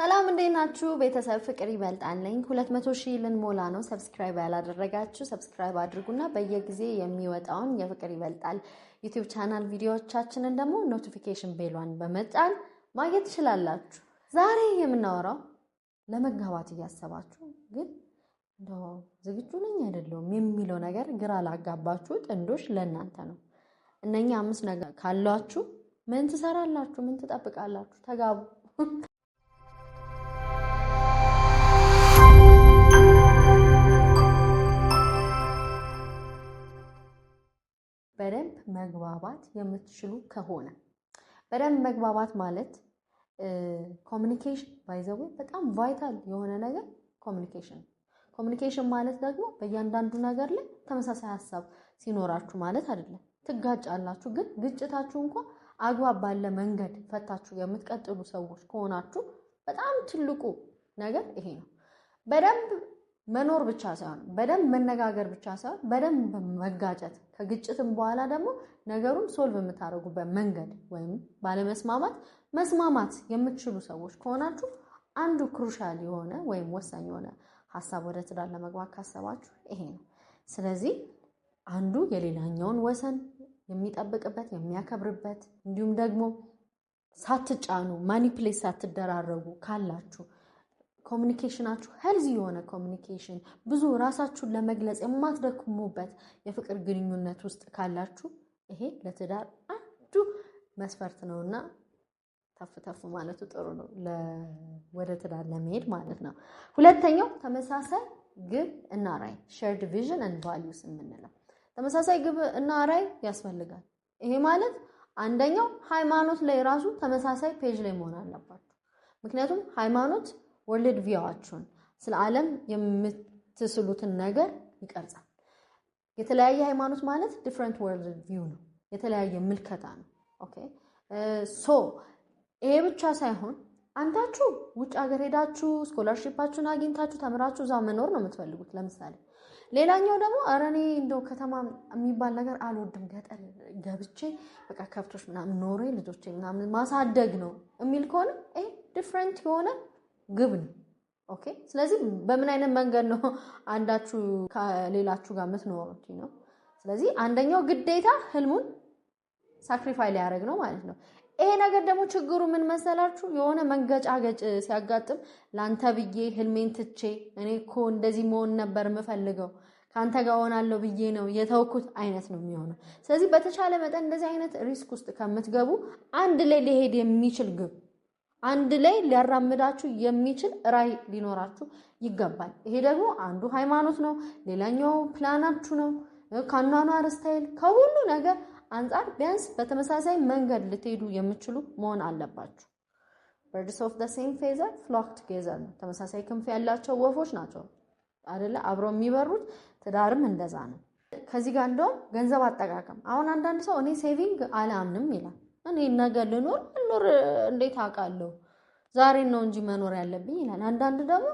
ሰላም እንዴት ናችሁ? ቤተሰብ ፍቅር ይበልጣል ነኝ። 200 ሺህ ልንሞላ ነው። ሰብስክራይብ ያላደረጋችሁ ሰብስክራይብ አድርጉና በየጊዜ የሚወጣውን የፍቅር ይበልጣል ዩቲዩብ ቻናል ቪዲዮዎቻችንን ደግሞ ኖቲፊኬሽን ቤሏን በመጫን ማየት ትችላላችሁ። ዛሬ የምናወራው ለመጋባት እያሰባችሁ ግን እንደው ዝግጁ ነኝ አይደለሁም የሚለው ነገር ግራ ላጋባችሁ ጥንዶች ለእናንተ ነው። እነኛ አምስት ነገር ካሏችሁ ምን ትሰራላችሁ? ምን ትጠብቃላችሁ? ተጋቡ መግባባት የምትችሉ ከሆነ በደንብ መግባባት ማለት ኮሚኒኬሽን ባይዘዌ በጣም ቫይታል የሆነ ነገር ኮሚኒኬሽን ኮሚኒኬሽን ማለት ደግሞ በእያንዳንዱ ነገር ላይ ተመሳሳይ ሀሳብ ሲኖራችሁ ማለት አይደለም። ትጋጫላችሁ፣ ግን ግጭታችሁ እንኳ አግባብ ባለ መንገድ ፈታችሁ የምትቀጥሉ ሰዎች ከሆናችሁ በጣም ትልቁ ነገር ይሄ ነው። በደንብ መኖር ብቻ ሳይሆን በደንብ መነጋገር ብቻ ሳይሆን በደንብ መጋጨት፣ ከግጭትም በኋላ ደግሞ ነገሩን ሶልቭ የምታደርጉበት መንገድ ወይም ባለመስማማት መስማማት የምትችሉ ሰዎች ከሆናችሁ አንዱ ክሩሻል የሆነ ወይም ወሳኝ የሆነ ሀሳብ ወደ ትዳር ለመግባት ካሰባችሁ ይሄ ነው። ስለዚህ አንዱ የሌላኛውን ወሰን የሚጠብቅበት የሚያከብርበት እንዲሁም ደግሞ ሳትጫኑ ማኒፕሌት ሳትደራረጉ ካላችሁ ኮሚኒኬሽናችሁ ሄልዚ የሆነ ኮሚኒኬሽን ብዙ ራሳችሁን ለመግለጽ የማትደክሙበት የፍቅር ግንኙነት ውስጥ ካላችሁ ይሄ ለትዳር አንዱ መስፈርት ነው እና ተፍ ተፍ ማለቱ ጥሩ ነው፣ ወደ ትዳር ለመሄድ ማለት ነው። ሁለተኛው ተመሳሳይ ግብ እና ራይ ሼርድ ቪዥን ኤንድ ቫሊዩስ የምንለው ተመሳሳይ ግብ እና ራይ ያስፈልጋል። ይሄ ማለት አንደኛው ሃይማኖት ላይ ራሱ ተመሳሳይ ፔጅ ላይ መሆን አለባችሁ። ምክንያቱም ሃይማኖት ወርልድ ቪዋችሁን ስለ ዓለም የምትስሉትን ነገር ይቀርጻል። የተለያየ ሃይማኖት ማለት ዲፍረንት ወርልድ ቪው ነው፣ የተለያየ ምልከታ ነው። ኦኬ ሶ ይሄ ብቻ ሳይሆን አንዳችሁ ውጭ ሀገር ሄዳችሁ ስኮላርሺፓችሁን አግኝታችሁ ተምራችሁ እዛ መኖር ነው የምትፈልጉት ለምሳሌ። ሌላኛው ደግሞ ኧረ እኔ እንደው ከተማ የሚባል ነገር አልወድም፣ ገጠር ገብቼ በቃ ከብቶች ምናምን ኖሬ ልጆቼ ምናምን ማሳደግ ነው የሚል ከሆነ ይሄ ዲፍረንት የሆነ ግብ ነው። ኦኬ። ስለዚህ በምን አይነት መንገድ ነው አንዳችሁ ከሌላችሁ ጋር የምትኖሩት ነው? ስለዚህ አንደኛው ግዴታ ህልሙን ሳክሪፋይ ሊያደርግ ነው ማለት ነው። ይሄ ነገር ደግሞ ችግሩ ምን መሰላችሁ? የሆነ ገጭ ሲያጋጥም ላንተ ብዬ ህልሜን ትቼ እኔ እኮ እንደዚህ መሆን ነበር የምፈልገው ከአንተ ጋር ሆናለሁ ብዬ ነው የተውኩት አይነት ነው የሚሆነው። ስለዚህ በተቻለ መጠን እንደዚህ አይነት ሪስክ ውስጥ ከምትገቡ አንድ ላይ ሊሄድ የሚችል ግብ አንድ ላይ ሊያራምዳችሁ የሚችል ራይ ሊኖራችሁ ይገባል። ይሄ ደግሞ አንዱ ሃይማኖት ነው፣ ሌላኛው ፕላናችሁ ነው። ከአኗኗር ስታይል ከሁሉ ነገር አንጻር ቢያንስ በተመሳሳይ መንገድ ልትሄዱ የምችሉ መሆን አለባችሁ። በርድስ ኦፍ ሴም ፌዘር ፍሎክ ቱጌዘር ነው። ተመሳሳይ ክንፍ ያላቸው ወፎች ናቸው አደለ? አብረው የሚበሩት። ትዳርም እንደዛ ነው። ከዚህ ጋር እንደውም ገንዘብ አጠቃቀም አሁን አንዳንድ ሰው እኔ ሴቪንግ አላምንም ይላል እኔ ነገ ልኖር ልኖር እንዴት አውቃለሁ? ዛሬን ነው እንጂ መኖር ያለብኝ ይላል። አንዳንድ ደግሞ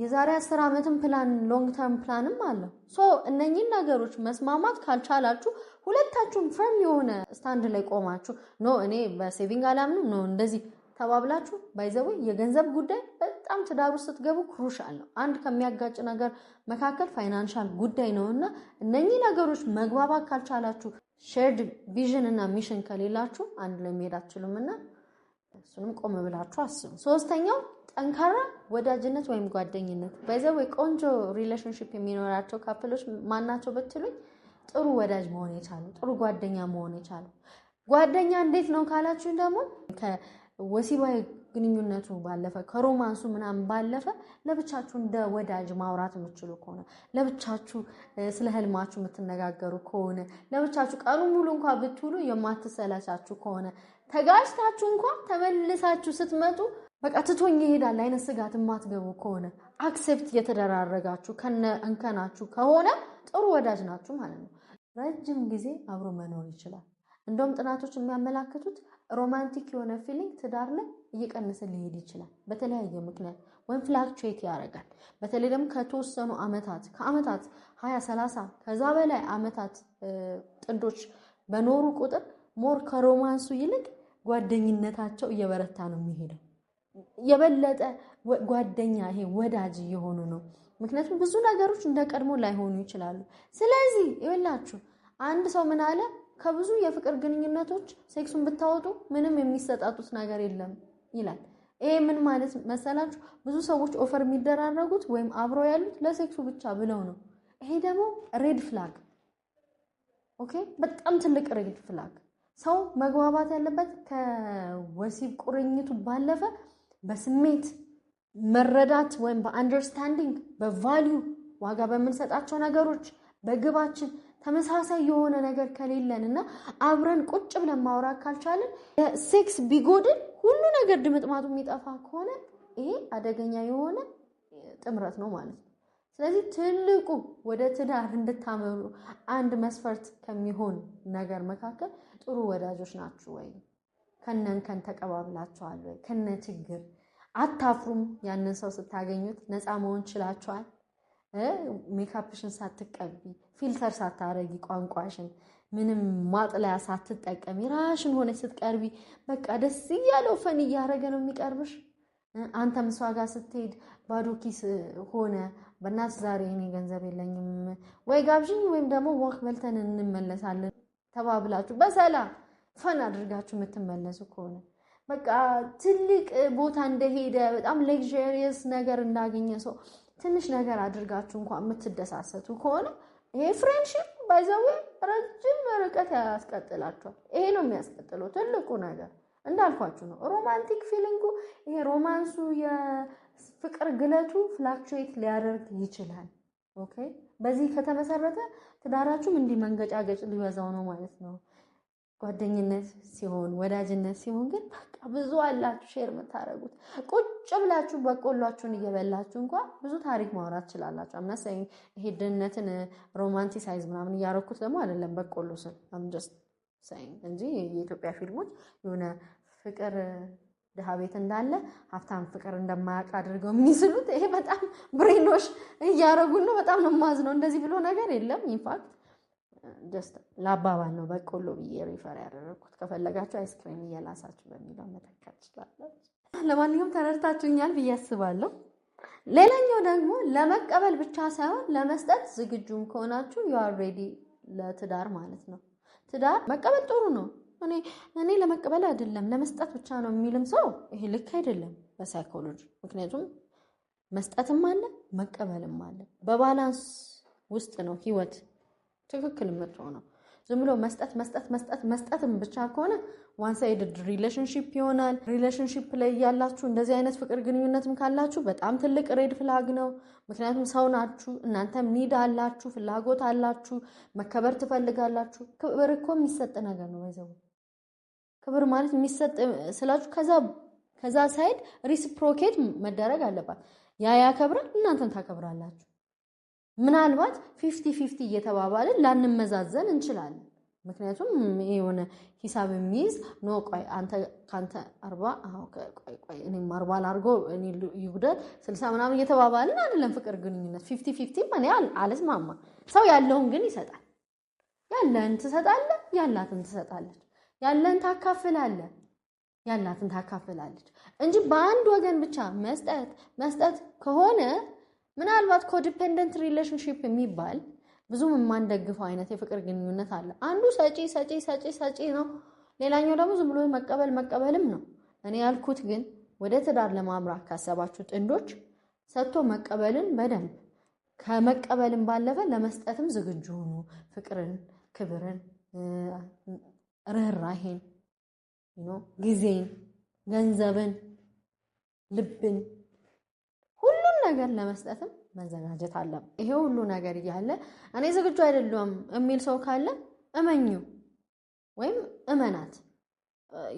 የዛሬ አስር ዓመትም ፕላን ሎንግ ተርም ፕላንም አለው። ሶ እነኚህን ነገሮች መስማማት ካልቻላችሁ ሁለታችሁም ፍሬም የሆነ ስታንድ ላይ ቆማችሁ ኖ እኔ በሴቪንግ አላምንም ኖ እንደዚህ ተባብላችሁ ባይዘው የገንዘብ ጉዳይ በጣም ትዳር ውስጥ ስትገቡ ክሩሻል ነው። አንድ ከሚያጋጭ ነገር መካከል ፋይናንሻል ጉዳይ ነው እና እነኚህ ነገሮች መግባባት ካልቻላችሁ ሼርድ ቪዥን እና ሚሽን ከሌላችሁ አንድ ላይ መሄድ አትችሉም እና እሱንም ቆም ብላችሁ አስቡ። ሶስተኛው ጠንካራ ወዳጅነት ወይም ጓደኝነት በዛ ወይ ቆንጆ ሪሌሽንሽፕ የሚኖራቸው ካፕሎች ማናቸው ብትሉኝ ጥሩ ወዳጅ መሆን የቻሉ ጥሩ ጓደኛ መሆን የቻሉ ጓደኛ እንዴት ነው ካላችሁ ደግሞ ከወሲባዊ ግንኙነቱ ባለፈ ከሮማንሱ ምናምን ባለፈ ለብቻችሁ እንደ ወዳጅ ማውራት የምትችሉ ከሆነ ለብቻችሁ ስለ ህልማችሁ የምትነጋገሩ ከሆነ ለብቻችሁ ቀኑ ሙሉ እንኳ ብትውሉ የማትሰላቻችሁ ከሆነ ተጋጅታችሁ እንኳ ተመልሳችሁ ስትመጡ በቃ ትቶኝ ይሄዳል አይነት ስጋት የማትገቡ ከሆነ አክሴፕት እየተደራረጋችሁ ከነ እንከናችሁ ከሆነ ጥሩ ወዳጅ ናችሁ ማለት ነው። ረጅም ጊዜ አብሮ መኖር ይችላል። እንደውም ጥናቶች የሚያመላክቱት ሮማንቲክ የሆነ ፊሊንግ ትዳር ላይ እየቀነሰ ሊሄድ ይችላል። በተለያየ ምክንያት ወይም ፍላክቹዌት ያደርጋል። በተለይ ደግሞ ከተወሰኑ አመታት ከአመታት ሀያ ሰላሳ ከዛ በላይ አመታት ጥንዶች በኖሩ ቁጥር ሞር ከሮማንሱ ይልቅ ጓደኝነታቸው እየበረታ ነው የሚሄደው። የበለጠ ጓደኛ ይሄ ወዳጅ እየሆኑ ነው። ምክንያቱም ብዙ ነገሮች እንደ ቀድሞ ላይሆኑ ይችላሉ። ስለዚህ ይላችሁ አንድ ሰው ምን አለ? ከብዙ የፍቅር ግንኙነቶች ሴክሱን ብታወጡ ምንም የሚሰጣጡት ነገር የለም ይላል። ይሄ ምን ማለት መሰላችሁ? ብዙ ሰዎች ኦፈር የሚደራረጉት ወይም አብረው ያሉት ለሴክሱ ብቻ ብለው ነው። ይሄ ደግሞ ሬድ ፍላግ ኦኬ፣ በጣም ትልቅ ሬድ ፍላግ። ሰው መግባባት ያለበት ከወሲብ ቁርኝቱ ባለፈ በስሜት መረዳት ወይም በአንደርስታንዲንግ፣ በቫሊዩ ዋጋ በምንሰጣቸው ነገሮች፣ በግባችን ተመሳሳይ የሆነ ነገር ከሌለን እና አብረን ቁጭ ብለን ማውራት ካልቻለን ሴክስ ቢጎድል ሁሉ ነገር ድምጥማጡ የሚጠፋ ከሆነ ይሄ አደገኛ የሆነ ጥምረት ነው ማለት ነው። ስለዚህ ትልቁ ወደ ትዳር እንድታመሩ አንድ መስፈርት ከሚሆን ነገር መካከል ጥሩ ወዳጆች ናችሁ ወይ? ከነን ከን ተቀባብላችኋል ወይ? ከነ ችግር አታፍሩም? ያንን ሰው ስታገኙት ነፃ መሆን ችላችኋል? ሜካፕሽን ሳትቀቢ ፊልተር ሳታረጊ ቋንቋሽን ምንም ማጥለያ ሳትጠቀሚ ራሽን ሆነ ስትቀርቢ በቃ ደስ እያለው ፈን እያደረገ ነው የሚቀርብሽ። አንተም እሷ ጋር ስትሄድ ባዶ ኪስ ሆነ በእናት ዛሬ እኔ ገንዘብ የለኝም ወይ ጋብዥኝ ወይም ደግሞ ዋክ በልተን እንመለሳለን ተባብላችሁ በሰላም ፈን አድርጋችሁ የምትመለሱ ከሆነ በቃ ትልቅ ቦታ እንደሄደ በጣም ሌክዠሪየስ ነገር እንዳገኘ ሰው ትንሽ ነገር አድርጋችሁ እንኳን የምትደሳሰቱ ከሆነ ይሄ ፍሬንድሽፕ ባይዘዌ ረጅም ርቀት ያስቀጥላቸዋል ይሄ ነው የሚያስቀጥለው ትልቁ ነገር እንዳልኳችሁ ነው። ሮማንቲክ ፊሊንጉ ይሄ ሮማንሱ የፍቅር ግለቱ ፍላክቹዌት ሊያደርግ ይችላል። ኦኬ፣ በዚህ ከተመሰረተ ትዳራችሁም እንዲህ መንገጫገጭ ሊበዛው ነው ማለት ነው። ጓደኝነት ሲሆን ወዳጅነት ሲሆን ግን በቃ ብዙ አላችሁ ሼር የምታደርጉት ቁጭ ቁጭ ብላችሁ በቆሏችሁን እየበላችሁ እንኳ ብዙ ታሪክ ማውራት ትችላላችሁ። አምናስ ይሄ ድህነትን ሮማንቲሳይዝ ምናምን እያረኩት ደግሞ አይደለም። በቆሎ ስል እንጂ የኢትዮጵያ ፊልሞች የሆነ ፍቅር ድሃ ቤት እንዳለ ሀብታም ፍቅር እንደማያውቅ አድርገው የሚስሉት ይሄ በጣም ብሬኖች እያረጉን ነው። በጣም ነው የማዝነው። እንደዚህ ብሎ ነገር የለም። ኢንፋክት ጀስት ለአባባል ነው በቆሎ ብዬ ሪፈር ያደረግኩት። ከፈለጋችሁ አይስክሪም እየላሳችሁ በሚለው መተካት ትችላላችሁ። ለማንኛውም ተረድታችሁኛል ብዬ አስባለሁ። ሌላኛው ደግሞ ለመቀበል ብቻ ሳይሆን ለመስጠት ዝግጁም ከሆናችሁ ዩ አር ሬዲ ለትዳር ማለት ነው። ትዳር መቀበል ጥሩ ነው። እኔ እኔ ለመቀበል አይደለም ለመስጠት ብቻ ነው የሚልም ሰው ይሄ ልክ አይደለም በሳይኮሎጂ። ምክንያቱም መስጠትም አለ መቀበልም አለ። በባላንስ ውስጥ ነው ህይወት ትክክል የምትሆነው። ዝም ብሎ መስጠት መስጠት መስጠት መስጠትም ብቻ ከሆነ ዋን ሳይድድ ሪሌሽንሽፕ ይሆናል። ሪሌሽንሽፕ ላይ ያላችሁ እንደዚህ አይነት ፍቅር ግንኙነትም ካላችሁ በጣም ትልቅ ሬድ ፍላግ ነው። ምክንያቱም ሰው ናችሁ፣ እናንተም ኒድ አላችሁ፣ ፍላጎት አላችሁ፣ መከበር ትፈልጋላችሁ። ክብር እኮ የሚሰጥ ነገር ነው። ይዘው ክብር ማለት የሚሰጥ ስላችሁ ከዛ ከዛ ሳይድ ሪስፕሮኬት መደረግ አለባት። ያ ያከብራል፣ እናንተም ታከብራላችሁ። ምናልባት ፊፍቲ ፊፍቲ እየተባባልን ላንመዛዘን እንችላለን። ምክንያቱም የሆነ ሂሳብ የሚይዝ ኖ ቆይ አንተ ከአንተ አርባ ቆይ ቆይ እኔም አርባ ላርጎ ይጉደል ስልሳ ምናምን እየተባባልን አይደለም ፍቅር ግንኙነት ፊፍቲ ፊፍቲም እኔ አልስማማ። ሰው ያለውን ግን ይሰጣል። ያለን ትሰጣለ ያላትን ትሰጣለች። ያለን ታካፍላለ ያላትን ታካፍላለች እንጂ በአንድ ወገን ብቻ መስጠት መስጠት ከሆነ ምናልባት ኮዲፔንደንት ሪሌሽንሽፕ የሚባል ብዙም የማንደግፈው አይነት የፍቅር ግንኙነት አለ። አንዱ ሰጪ ሰጪ ሰጪ ሰጪ ነው፣ ሌላኛው ደግሞ ዝም ብሎ መቀበል መቀበልም ነው። እኔ ያልኩት ግን ወደ ትዳር ለማምራት ካሰባችሁ ጥንዶች ሰጥቶ መቀበልን በደንብ ከመቀበልን ባለፈ ለመስጠትም ዝግጁ ሆኑ። ፍቅርን፣ ክብርን፣ ርኅራሄን፣ ጊዜን፣ ገንዘብን፣ ልብን ሁሉም ነገር ለመስጠትም መዘጋጀት አለም። ይሄ ሁሉ ነገር እያለ እኔ ዝግጁ አይደለም የሚል ሰው ካለ እመኙ ወይም እመናት።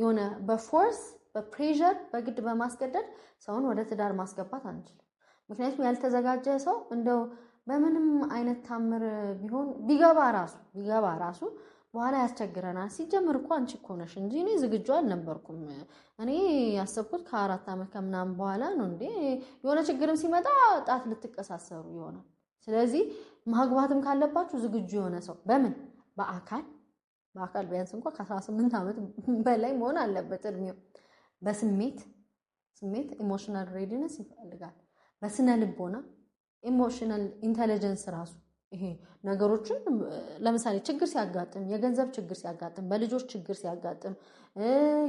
የሆነ በፎርስ በፕሬዠር በግድ በማስገደድ ሰውን ወደ ትዳር ማስገባት አንችልም። ምክንያቱም ያልተዘጋጀ ሰው እንደው በምንም አይነት ታምር ቢሆን ቢገባ ራሱ ቢገባ ራሱ በኋላ ያስቸግረናል። ሲጀምር እኮ አንቺ እኮ ነሽ እንጂ እኔ ዝግጁ አልነበርኩም። እኔ ያሰብኩት ከአራት ዓመት ከምናምን በኋላ ነው እንዴ የሆነ ችግርም ሲመጣ ጣት ልትቀሳሰሩ ይሆናል። ስለዚህ ማግባትም ካለባችሁ ዝግጁ የሆነ ሰው በምን በአካል በአካል ቢያንስ እንኳ ከአስራ ስምንት ዓመት በላይ መሆን አለበት እድሜው። በስሜት ስሜት ኢሞሽናል ሬዲነስ ይፈልጋል። በስነ ልቦና ኢሞሽናል ኢንተለጀንስ ራሱ ይሄ ነገሮችን ለምሳሌ ችግር ሲያጋጥም የገንዘብ ችግር ሲያጋጥም በልጆች ችግር ሲያጋጥም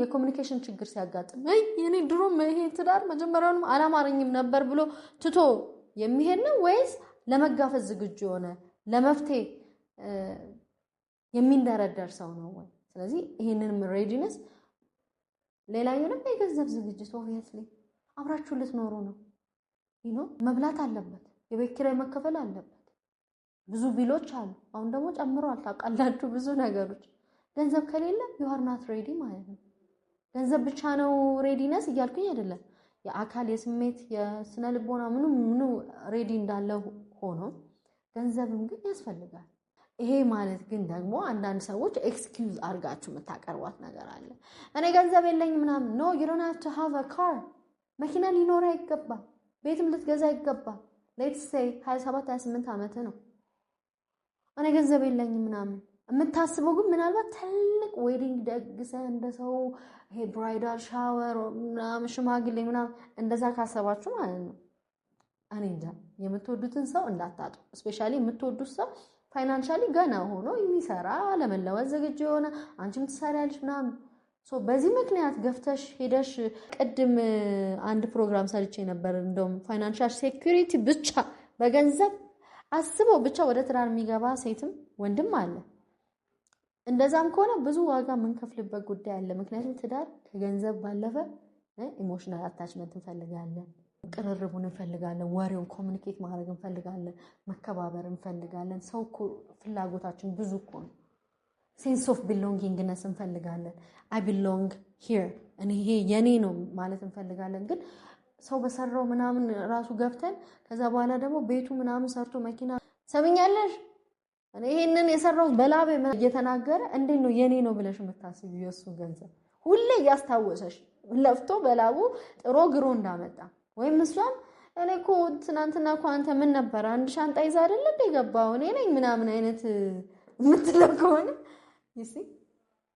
የኮሚኒኬሽን ችግር ሲያጋጥም እኔ ድሮም ይሄ ትዳር መጀመሪያውንም አላማረኝም ነበር ብሎ ትቶ የሚሄድ ነው ወይስ ለመጋፈጥ ዝግጁ የሆነ ለመፍትሄ የሚንደረደር ሰው ነው ወይ? ስለዚህ ይሄንንም ሬዲነስ ሌላኛው ደግሞ የገንዘብ ዝግጅት ኦብቪየስሊ አብራችሁ ልትኖሩ ነው። መብላት አለበት፣ የቤት ኪራይ መከፈል አለበት። ብዙ ቢሎች አሉ። አሁን ደግሞ ጨምሯል። ታውቃላችሁ ብዙ ነገሮች። ገንዘብ ከሌለ ዩሃር ናት ሬዲ ማለት ነው። ገንዘብ ብቻ ነው ሬዲነስ እያልኩኝ አይደለም። የአካል የስሜት የስነ ልቦና ምኑ ምኑ ሬዲ እንዳለ ሆኖ ገንዘብም ግን ያስፈልጋል። ይሄ ማለት ግን ደግሞ አንዳንድ ሰዎች ኤክስኪውዝ አድርጋችሁ የምታቀርቧት ነገር አለ። እኔ ገንዘብ የለኝ ምናምን። ኖ ዩ ዶንት ሃቭ ቱ ሃቭ አ ካር። መኪና ሊኖረ ይገባል። ቤትም ልትገዛ ይገባል። ሌትስ ሴይ 27 28 ዓመት ነው እኔ ገንዘብ የለኝም ምናምን የምታስበው ግን ምናልባት ትልቅ ዌዲንግ ደግሰ እንደሰው ይሄ ብራይዳል ሻወር ምናምን ሽማግሌ ምናምን እንደዛ ካሰባችሁ ማለት ነው። እኔ እንጃ የምትወዱትን ሰው እንዳታጡ። እስፔሻሊ የምትወዱት ሰው ፋይናንሻሊ ገና ሆኖ የሚሰራ ለመለወጥ ዝግጁ የሆነ አንቺ የምትሰሪያለሽ ምናምን በዚህ ምክንያት ገፍተሽ ሄደሽ ቅድም አንድ ፕሮግራም ሰርቼ ነበር። እንደውም ፋይናንሻል ሴኩሪቲ ብቻ በገንዘብ አስበው ብቻ ወደ ትዳር የሚገባ ሴትም ወንድም አለ። እንደዛም ከሆነ ብዙ ዋጋ የምንከፍልበት ጉዳይ አለ። ምክንያቱም ትዳር ከገንዘብ ባለፈ ኢሞሽናል አታችመንት እንፈልጋለን፣ ቅርርቡን እንፈልጋለን፣ ወሬውን ኮሚኒኬት ማድረግ እንፈልጋለን፣ መከባበር እንፈልጋለን። ሰው ፍላጎታችን ብዙ እኮ ነው። ሴንስ ኦፍ ቢሎንጊንግነስ እንፈልጋለን። አይ ቢሎንግ ሂር እኔ ይሄ የኔ ነው ማለት እንፈልጋለን ግን ሰው በሰራው ምናምን ራሱ ገብተን ከዛ በኋላ ደግሞ ቤቱ ምናምን ሰርቶ መኪና ሰምኛለሽ ይሄንን የሰራው በላቤ እየተናገረ እንዴት ነው የኔ ነው ብለሽ የምታስቢ? የእሱ ገንዘብ ሁሌ እያስታወሰሽ ለፍቶ በላቡ ጥሮ ግሮ እንዳመጣ ወይም እሷም እኔ እኮ ትናንትና እኮ አንተ ምን ነበር አንድ ሻንጣ ይዛ አይደለ እንደ ገባው እኔ ነኝ ምናምን አይነት የምትለው ከሆነ ይሲ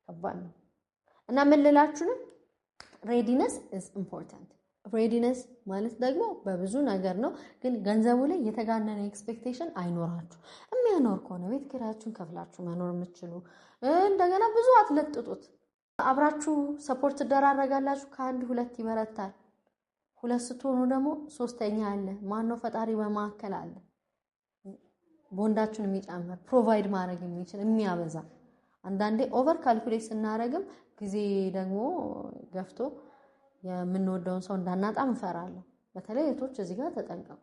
ከባድ ነው እና ምን ልላችሁ ነው ሬዲነስ ኢዝ ኢምፖርታንት ሬዲነስ ማለት ደግሞ በብዙ ነገር ነው፣ ግን ገንዘቡ ላይ የተጋነነ ኤክስፔክቴሽን አይኖራችሁ። የሚያኖር ከሆነ ቤት ኪራያችሁን ከፍላችሁ መኖር የምችሉ እንደገና ብዙ አትለጥጡት። አብራችሁ ሰፖርት ትደራረጋላችሁ። ከአንድ ሁለት ይበረታል። ሁለት ስትሆኑ ደግሞ ሶስተኛ አለ። ማነው ፈጣሪ በመካከል አለ። ቦንዳችሁን የሚጨምር ፕሮቫይድ ማድረግ የሚችል የሚያበዛ። አንዳንዴ ኦቨር ካልኩሌት ስናደረግም ጊዜ ደግሞ ገፍቶ የምንወደውን ሰው እንዳናጣ እንፈራለን። በተለይ እህቶች እዚህ ጋር ተጠንቀቁ።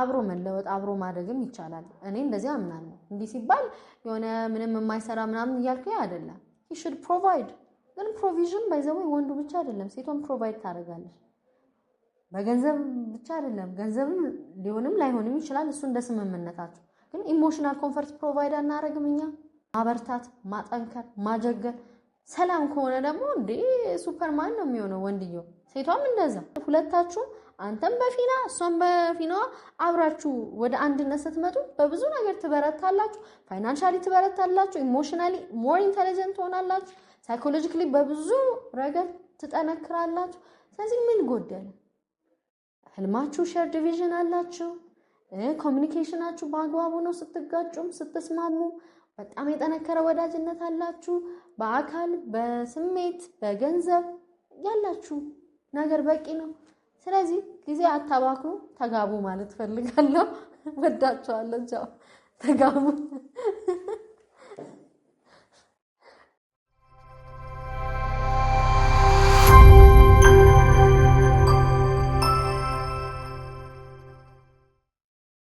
አብሮ መለወጥ አብሮ ማደግም ይቻላል። እኔ እንደዚህ አምናለሁ። እንዲህ ሲባል የሆነ ምንም የማይሰራ ምናምን እያልኩ አይደለም። ሂ ሹድ ፕሮቫይድ ግን ፕሮቪዥን ባይዘወይ ወንዱ ብቻ አይደለም፣ ሴቷን ፕሮቫይድ ታደርጋለች። በገንዘብ ብቻ አይደለም፣ ገንዘብም ሊሆንም ላይሆንም ይችላል። እሱ እንደ ስምምነታቸው። ግን ኢሞሽናል ኮንፈርት ፕሮቫይድ አናደርግም እኛ። ማበርታት፣ ማጠንከር፣ ማጀገል ሰላም ከሆነ ደግሞ እንዴ ሱፐርማን ነው የሚሆነው ወንድየው፣ ሴቷም እንደዛ። ሁለታችሁም አንተም በፊና እሷም በፊናዋ አብራችሁ ወደ አንድነት ስትመጡ በብዙ ነገር ትበረታላችሁ። ፋይናንሻሊ ትበረታላችሁ። ኢሞሽናሊ ሞር ኢንቴሊጀንት ትሆናላችሁ። ሳይኮሎጂካሊ በብዙ ረገድ ትጠነክራላችሁ። ስለዚህ ምን ጎደለ? ህልማችሁ ሼር ዲቪዥን አላችሁ። ኮሚኒኬሽናችሁ በአግባቡ ነው። ስትጋጩም ስትስማሙ በጣም የጠነከረ ወዳጅነት አላችሁ። በአካል በስሜት በገንዘብ ያላችሁ ነገር በቂ ነው። ስለዚህ ጊዜ አታባክኑ፣ ተጋቡ ማለት ፈልጋለሁ። ወዳችኋለሁ። ተጋቡ።